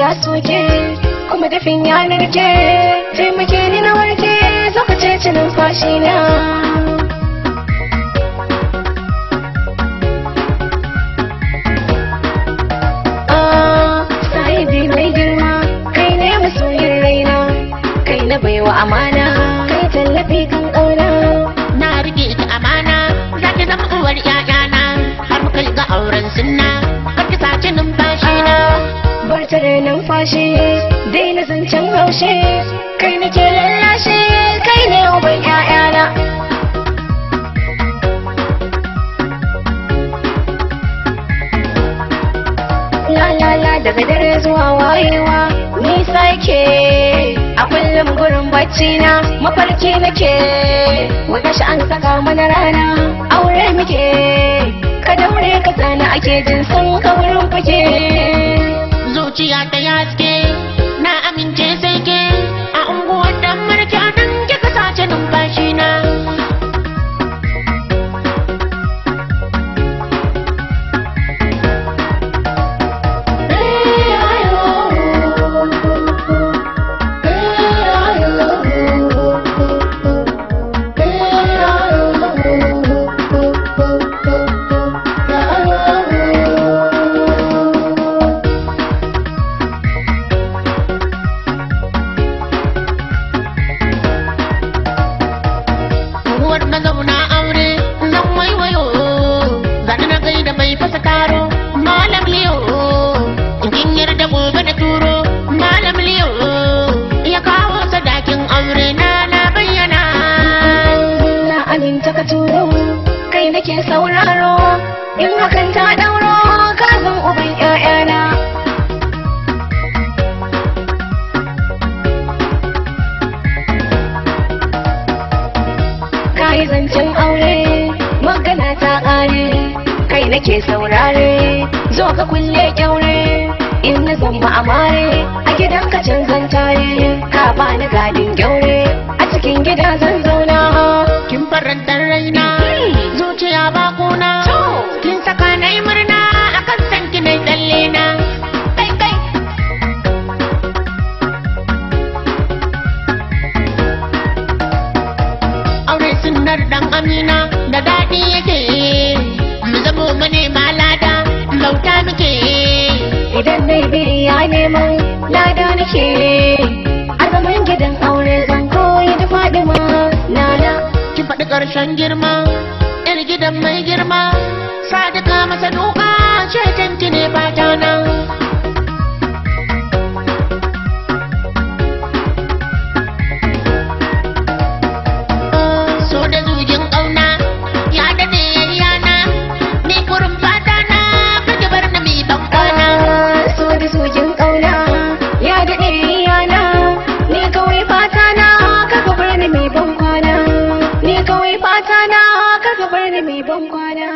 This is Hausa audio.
ya soke kuma dafin yanar ke taimake ni na warke zaka ci numfashi na ah, Sahibi mai girma kai ne masoyin raina kai na baiwa amana satar numfashi daina zancen haushe kai nake lallashe kai ne uban ƴaƴana la daga dare zuwa wayewa nisa yake a kullum gurin bacci na mafarki nake wata shi an saka mana rana aure muke ka daure ka tsana ake jin san ka wurin fake zuciya ta yaske na amince sai ke sauraro in hakan ta dauro kazan uban ƴaƴana kai zancen aure magana ta ƙare kai nake saurare zo ka kulle kyaure in na zamba amare a gidan ka can tare, ka ba ni gadin kyaure a cikin gida zan amina da daɗi yake mu zamo mane malada bauta muke idan zai biri ya nemo lada nake arzamin gidan aure zan koyi da fadima lada ki faɗi ƙarshen girma ربنا